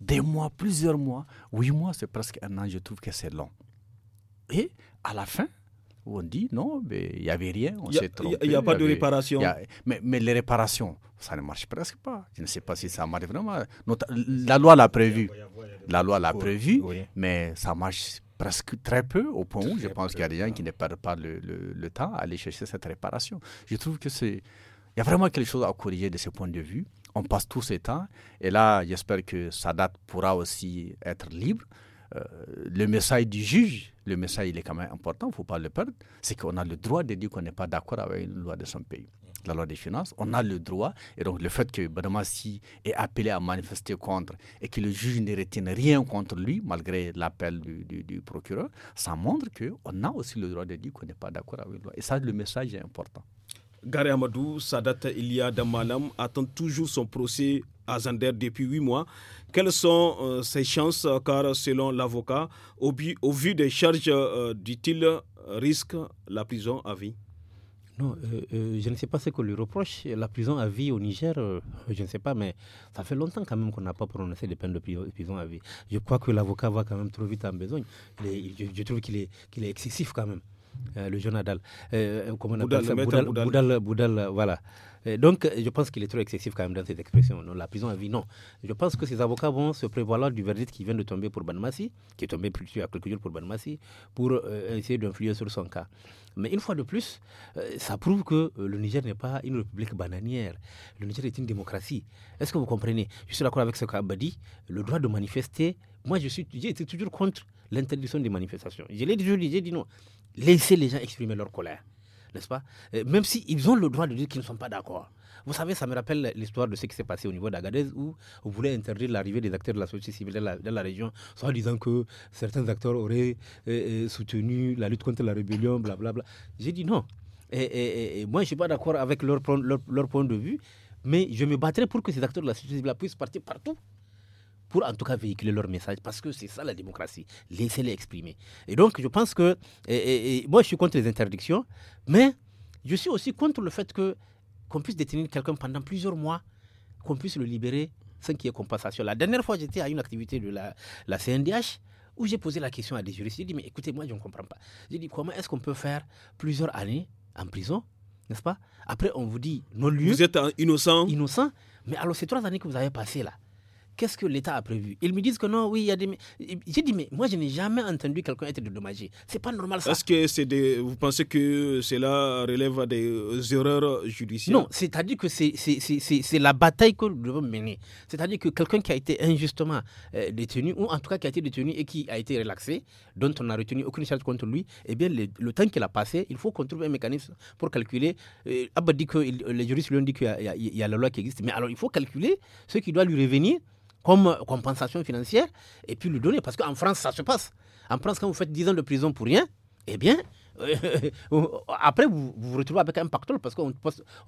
des mois, plusieurs mois. Huit mois, c'est presque un an, je trouve que c'est long. Et à la fin, on dit non, il n'y avait rien, on s'est trompé. Il n'y a pas de réparation. mais, mais, les réparations, ça ne marche presque pas. Je ne sais pas si ça marche vraiment. la loi l'a prévu. La loi l'a prévu, mais ça marche presque très peu, au point où je pense qu'il y a rien qui ne perdent pas le, le, temps à aller chercher cette réparation. Je trouve que c'est. Il y a vraiment quelque chose à corriger de ce point de vue on passe tous ces temps. Et là, j'espère que Sadat pourra aussi être libre. Euh, le message du juge, le message il est quand même important, il ne faut pas le perdre, c'est qu'on a le droit de dire qu'on n'est pas d'accord avec une loi de son pays, la loi des finances, on a le droit, et donc le fait que bah, si est appelé à manifester contre et que le juge ne retienne rien contre lui, malgré l'appel du, du, procureur, ça montre qu'on a aussi le droit de dire qu'on n'est pas d'accord avec une loi. Et ça, le message est important. Gary Amadou, date il y a d'un Damalam attend toujours son procès à Zander depuis huit mois. Quelles sont euh, ses chances Car selon l'avocat, au, vu des charges, euh, dit-il, risque la prison à vie. Non, euh, je ne sais pas ce qu'on lui reproche. La prison à vie au Niger, je ne sais pas, mais ça fait longtemps quand même qu'on n'a pas prononcé des peines de prison à vie. Je crois que l'avocat va quand même trop vite en besogne. je, trouve qu'il est excessif quand même. Euh, le journal Boudal, voilà. donc, je pense qu'il est trop excessif quand même dans cette expression. la prison à vie, non. Je pense que ces avocats vont se prévaloir du verdict qui vient de tomber pour Banmassi, qui est tombé plus tôt à quelques jours pour Banmassi, pour euh, essayer d'influer sur son cas. Mais une fois de plus, euh, ça prouve que le Niger n'est pas une république bananière. Le Niger est une démocratie. Est-ce que vous comprenez Je suis d'accord avec ce qu'a Le droit de manifester, moi, je suis, été toujours contre l'interdiction des manifestations. Je l'ai toujours dit, j'ai dit non laisser les gens exprimer leur colère, n'est-ce pas euh, Même s'ils ils ont le droit de dire qu'ils ne sont pas d'accord. Vous savez, ça me rappelle l'histoire de ce qui s'est passé au niveau d'Agadez où on voulait interdire l'arrivée des acteurs de la société civile dans la, région, soit disant que certains acteurs auraient euh, euh, soutenu la lutte contre la rébellion, blablabla. J'ai dit non. Et, moi, je ne suis pas d'accord avec leur, leur, point de vue, mais je me battrai pour que ces acteurs de la société civile puissent partir partout pour en tout cas véhiculer leur message, parce que c'est ça la démocratie, laissez-les exprimer. Et donc, je pense que, moi, je suis contre les interdictions, mais je suis aussi contre le fait que qu'on puisse détenir quelqu'un pendant plusieurs mois, qu'on puisse le libérer sans qu'il y ait compensation. La dernière fois, j'étais à une activité de la, la CNDH où j'ai posé la question à des juristes. J'ai dit, mais écoutez, moi, je ne comprends pas. J'ai dit, comment est-ce qu'on peut faire plusieurs années en prison, n'est-ce pas Après, on vous dit non lieu. Vous êtes innocent. Innocent. Mais alors, ces trois années que vous avez passées là, qu'est-ce que l'État a prévu Ils me disent que non, oui, il y a des. J'ai dit, mais moi, je n'ai jamais entendu quelqu'un être dédommagé. C'est pas normal ça. Est-ce que c'est des... vous pensez que cela relève des erreurs judiciaires Non, c'est-à-dire que c'est la bataille que nous devons mener. C'est-à-dire que quelqu'un qui a été injustement euh, détenu, ou en tout cas qui a été détenu et qui a été relaxé, dont on n'a retenu aucune charge contre lui, eh bien, le, temps qu'il a passé, il faut qu'on trouve un mécanisme pour calculer. Ah Abba dit que les juristes lui ont dit qu'il y, y a la loi qui existe, mais alors il faut calculer ce qui doit lui revenir comme compensation financière et puis lui donner. Parce qu'en France, ça se passe. En France, quand vous faites 10 ans de prison pour rien, eh bien, euh, après, vous vous retrouvez avec un pactole parce qu'on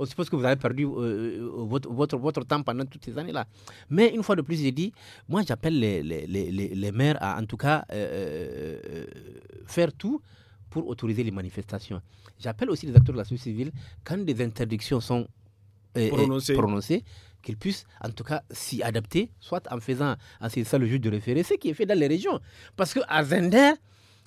suppose, que vous avez perdu euh, euh, votre, votre, votre, temps pendant toutes ces années-là. Mais une fois de plus, j'ai dit, moi j'appelle les, les, maires à en tout cas faire tout pour autoriser les manifestations. J'appelle aussi les acteurs de la société civile, quand des interdictions sont prononcées qu'il puisse en tout cas s'y adapter, soit en faisant, en ça le juge de référé, ce qui est fait dans les régions. Parce que Zender,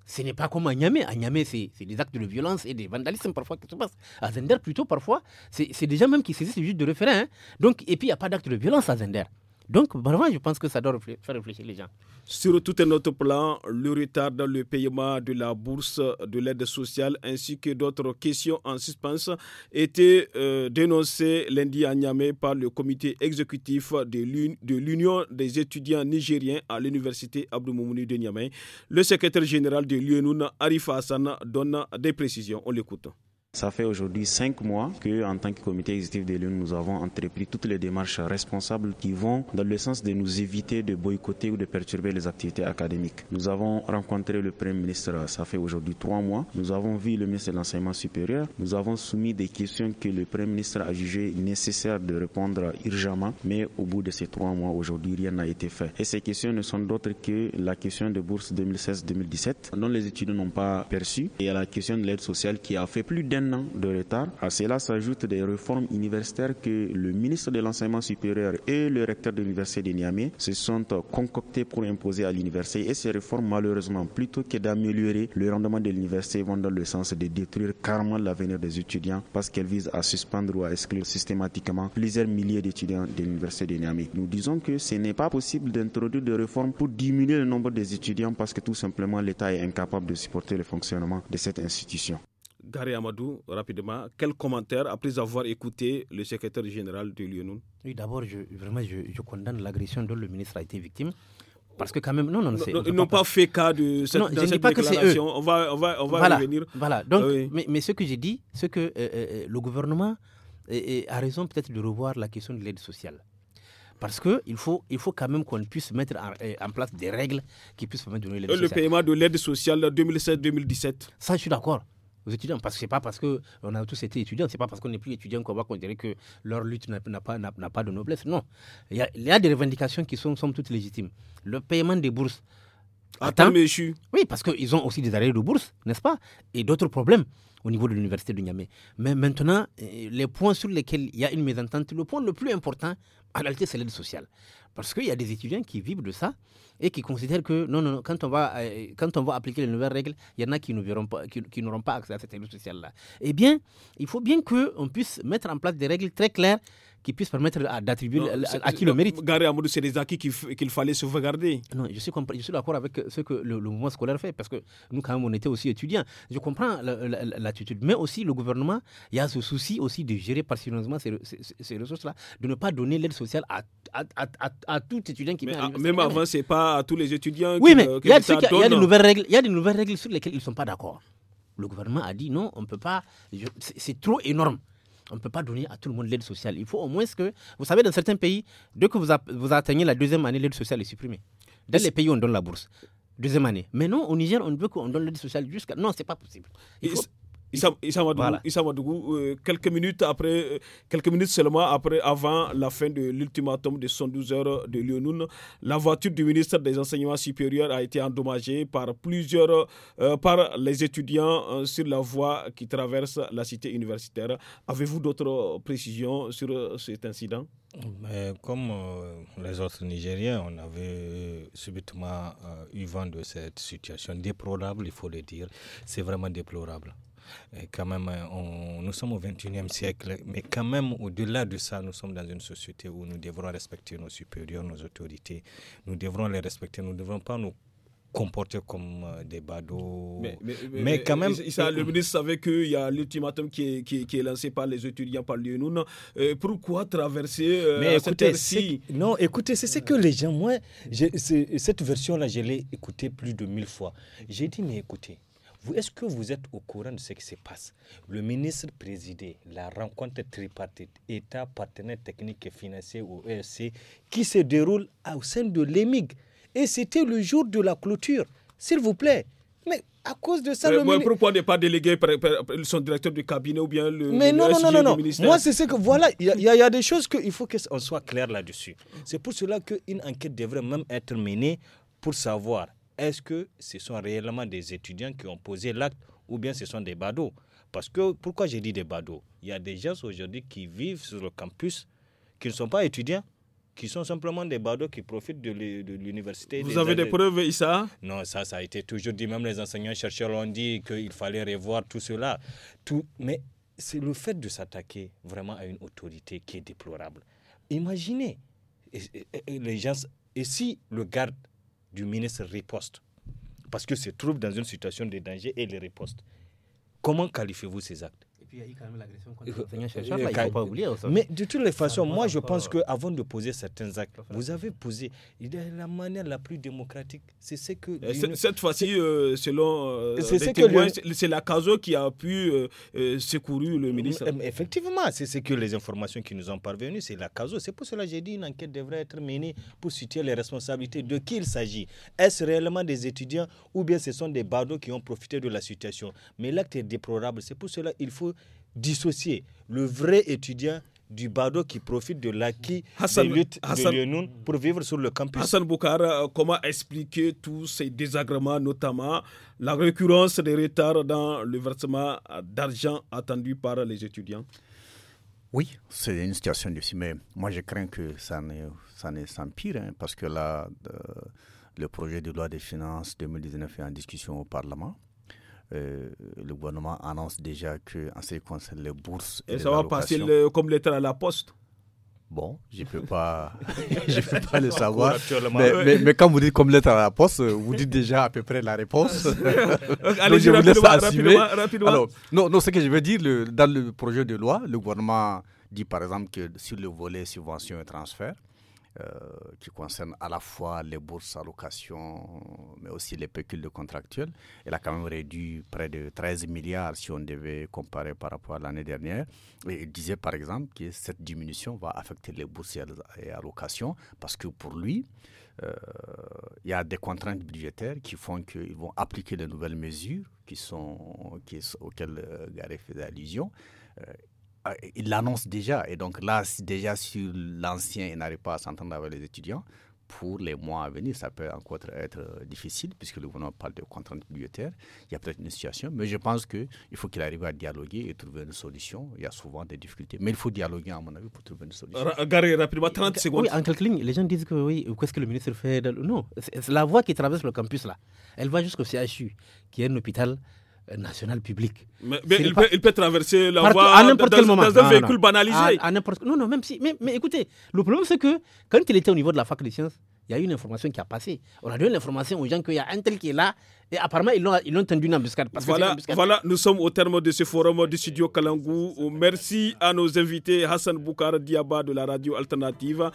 ce n'est pas comme à Niamey. À Niamey, c'est des actes de violence et des vandalismes parfois qui se passent. À Zender, plutôt, parfois, c'est des gens même qui saisissent le juge de référé. Hein. Donc, et puis, il n'y a pas d'acte de violence à Zender. Donc, vraiment, je pense que ça doit faire réfléchir les gens. Sur tout un autre plan, le retard dans le paiement de la bourse de l'aide sociale ainsi que d'autres questions en suspens étaient dénoncés euh, dénoncées lundi à Niamey par le comité exécutif de l'Union des étudiants nigériens à l'université Abdou Moumouni de Niamey. Le secrétaire général de l'UNUN, Arif Hassan, donne des précisions. On l'écoute. Ça fait aujourd'hui cinq mois que, en tant que comité exécutif des lunes nous avons entrepris toutes les démarches responsables qui vont dans le sens de nous éviter de boycotter ou de perturber les activités académiques. Nous avons rencontré le Premier ministre, ça fait aujourd'hui trois mois. Nous avons vu le ministre de l'Enseignement supérieur. Nous avons soumis des questions que le Premier ministre a jugé nécessaire de répondre urgemment, mais au bout de ces trois mois, aujourd'hui, rien n'a été fait. Et ces questions ne sont d'autres que la question de bourse 2016-2017, dont les étudiants n'ont pas perçu, et à la question de l'aide sociale qui a fait plus d'un un an de retard. À cela s'ajoutent des réformes universitaires que le ministre de l'Enseignement supérieur et le recteur de l'Université de Niamey se sont concoctés pour imposer à l'université. Et ces réformes, malheureusement, plutôt que d'améliorer le rendement de l'université, vont dans le sens de détruire carrément l'avenir des étudiants parce qu'elles visent à suspendre ou à exclure systématiquement plusieurs milliers d'étudiants de l'Université de Niamey. Nous disons que ce n'est pas possible d'introduire des réformes pour diminuer le nombre des étudiants parce que tout simplement l'État est incapable de supporter le fonctionnement de cette institution. Gary Amadou, rapidement, quel commentaire après avoir écouté le secrétaire général de l'UNUN Oui, d'abord, je, vraiment, je, condamne l'agression dont le ministre a été victime. Parce que quand même, non, non, non ils n'ont pas, fait cas de cette, non, je cette dis pas déclaration. Que eux. On va, on va, on va revenir. Voilà. Donc, mais, ce que j'ai dit, c'est que euh, euh, euh, le gouvernement a raison peut-être de revoir la question de l'aide sociale. Parce qu'il faut, il faut quand même qu'on puisse mettre en, place des règles qui puissent permettre de donner l'aide sociale. Le paiement de l'aide sociale 2016-2017. Ça, je suis d'accord étudiants. Parce que c'est pas parce qu'on a tous été étudiants, c'est pas parce qu'on n'est plus étudiants qu'on va considérer que leur lutte n'a pas, de noblesse. Non. Il y, a, y, a, des revendications qui sont, sont toutes légitimes. Le paiement des bourses ah, Attends, je... Oui, parce qu'ils ont aussi des arrêts de bourse, n'est-ce pas Et d'autres problèmes au niveau de l'université de Niamey. Mais maintenant, euh, les points sur lesquels il y a une mésentente, le point le plus important, en réalité, c'est l'aide sociale. Parce qu'il y a des étudiants qui vivent de ça et qui considèrent que non, non, non quand on va, euh, quand on va appliquer les nouvelles règles, il y en a qui verront pas, qui, qui n'auront pas accès à cette aide sociale-là. Eh bien, il faut bien qu'on puisse mettre en place des règles très claires qui puisse permettre d'attribuer à qui le euh, mérite. Garé Amadou, c'est des acquis qu'il fallait sauvegarder. Non, je suis, je suis d'accord avec ce que le, mouvement scolaire fait, parce que nous, quand même, on était aussi étudiants. Je comprends l'attitude, mais aussi le gouvernement, il y a ce souci aussi de gérer passionnellement ces, ressources-là, de ne pas donner l'aide sociale à, tout étudiant qui mais vient à, ah, Même avant, ce n'est pas à tous les étudiants. Oui, mais il y, a des nouvelles règles, il y a des nouvelles règles sur lesquelles ils ne sont pas d'accord. Le gouvernement a dit non, on ne peut pas, c'est trop énorme on ne peut pas donner à tout le monde l'aide sociale. Il faut au moins ce que, vous savez, dans certains pays, dès que vous, atteignez la deuxième année, l'aide sociale est supprimée. Dans les pays où on donne la bourse deuxième année. Mais non, au Niger, on veut qu'on donne l'aide sociale jusqu'à. Non, ce n'est pas possible. Il Issa, quelques minutes seulement après, avant la fin de l'ultimatum de 112 heures de Lyonoun, la voiture du ministre des Enseignements supérieurs a été endommagée par plusieurs, euh, par les étudiants euh, sur la voie qui traverse la cité universitaire. Avez-vous d'autres précisions sur euh, cet incident? comme les autres Nigériens, on avait subitement eu vent de cette situation déplorable, il faut le dire. C'est vraiment déplorable quand même, euh, nous sommes au 21e siècle, mais quand même, au-delà de ça, nous sommes dans une société où nous devrons respecter nos supérieurs, nos autorités. Nous devrons les respecter. Nous ne devons pas nous comporter comme euh, des badauds. Mais, quand même. le ministre savait qu'il y a l'ultimatum qui est, lancé par les étudiants, par l'UNUN. Euh, pourquoi traverser cette mais écoutez, Non, écoutez, c'est ce que les gens. Moi, cette version-là, je l'ai écoutée plus de mille fois. J'ai dit, mais écoutez, est-ce que vous êtes au courant de ce qui se passe Le ministre présidait la rencontre tripartite État, partenaire technique et financier au ESC qui se déroule au sein de l'EMIG. Et c'était le jour de la clôture. S'il vous plaît. Mais à cause de ça, mais, le mais ministre... Pourquoi ne pas déléguer son directeur du cabinet ou bien le Mais non, non, non, non, non. Moi, c'est ce que... Voilà, il y, a des choses qu'il faut qu'on soit clair là-dessus. C'est pour cela qu'une enquête devrait même être menée pour savoir est-ce que ce sont réellement des étudiants qui ont posé l'acte ou bien ce sont des badauds Parce que pourquoi j'ai dit des badauds Il y a des gens aujourd'hui qui vivent sur le campus qui ne sont pas étudiants, qui sont simplement des badauds qui profitent de l'université. Vous avez des preuves, Issa Non, ça, ça a été toujours dit. Même les enseignants-chercheurs l'ont dit qu'il fallait revoir tout cela. Tout, mais c'est le fait de s'attaquer vraiment à une autorité qui est déplorable. Imaginez, les gens, et si le garde du ministre riposte Parce que se trouve dans une situation de danger et il riposte. Comment qualifiez-vous ces actes mais de toutes les façons, moi je pense que euh, avant de poser certains actes, vous avez posé la manière la plus démocratique. C'est ce que euh, cette fois-ci, euh, selon c'est la CASO qui a pu secourir le ministre. Effectivement, c'est ce que les informations qui nous ont parvenues, c'est la CASO. C'est pour cela que j'ai dit une enquête devrait être menée pour situer les responsabilités de qui il s'agit. Est-ce réellement des étudiants ou bien ce sont des badauds qui ont profité de la situation Mais l'acte est déplorable. C'est pour cela qu'il faut dissocier le vrai étudiant du bado qui profite de l'acquis des luttes de pour vivre sur le campus. Hassan Boukar, euh, comment expliquer tous ces désagréments, notamment la récurrence des retards dans le versement d'argent attendu par les étudiants oui, c'est une situation difficile, mais moi je crains que ça ne, ça ne s'empire, hein, parce que là, euh, le projet de loi des finances 2019 est en discussion au Parlement. Euh, le gouvernement annonce déjà que en ce qui concerne les bourses et, ça va passer comme lettre à la poste. Bon, je peux pas, peux pas le savoir. Mais, quand vous dites comme lettre à la poste, vous dites déjà à peu près la réponse. Allez, je vous laisse assumer. Rapidement, Alors, non, non, ce que je veux dire, dans le projet de loi, le gouvernement dit par exemple que sur le volet subvention et transfert, euh, qui concerne à la fois les bourses à location, mais aussi les pécules de contractuels. Elle a quand même réduit près de 13 milliards si on devait comparer par rapport à l'année dernière. Et il disait par exemple que cette diminution va affecter les bourses et allocations parce que pour lui, euh, il y a des contraintes budgétaires qui font qu'ils vont appliquer de nouvelles mesures qui sont, qui, auxquelles euh, Gareth faisait allusion euh, il l'annonce déjà. Et donc là, déjà sur l'ancien, il n'arrive pas à s'entendre avec les étudiants. Pour les mois à venir, ça peut encore être difficile, puisque le gouvernement parle de contraintes budgétaires. Il y a peut-être une situation, mais je pense qu'il faut qu'il arrive à dialoguer et trouver une solution. Il y a souvent des difficultés, mais il faut dialoguer, à mon avis, pour trouver une solution. Regardez euh, rapidement, 30 secondes. Oui, en quelques les gens disent que oui, qu'est-ce que le ministre fait Non, la voie qui traverse le campus, là, elle va jusqu'au CHU, qui est un hôpital national public. Mais, il, peut, traverser la voie à n'importe quel moment. Dans un véhicule banalisé. À, non, non, même si. Mais, mais écoutez, le problème, c'est que quand il était au niveau de la fac des sciences, il y a eu une information qui a passé. On a donné l'information aux gens qu'il y a un tel qui est là, et apparemment, ils l'ont tendu dans Voilà, voilà, nous sommes au terme de ce forum du studio Kalangou. Merci à nos invités Hassan Boukar Diaba de la radio alternative,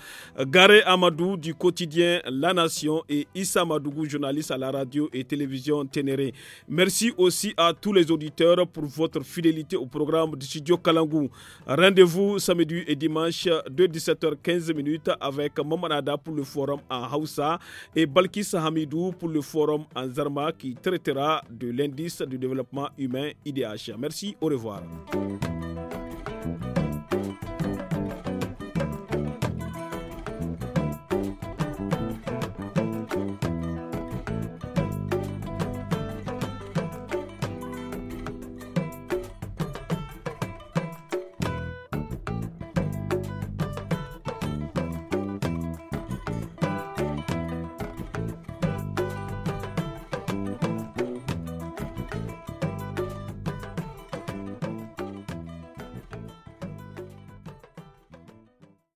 Garé Amadou du quotidien La Nation et Issa Madougou, journaliste à la radio et télévision Ténéré. Merci aussi à tous les auditeurs pour votre fidélité au programme du studio Kalangou. Rendez-vous samedi et dimanche de 17h15 avec Mamanada pour le forum en Hausa et Balkis Hamidou pour le forum en Zarmak qui traitera de l'indice du développement humain IDH. Merci, au revoir.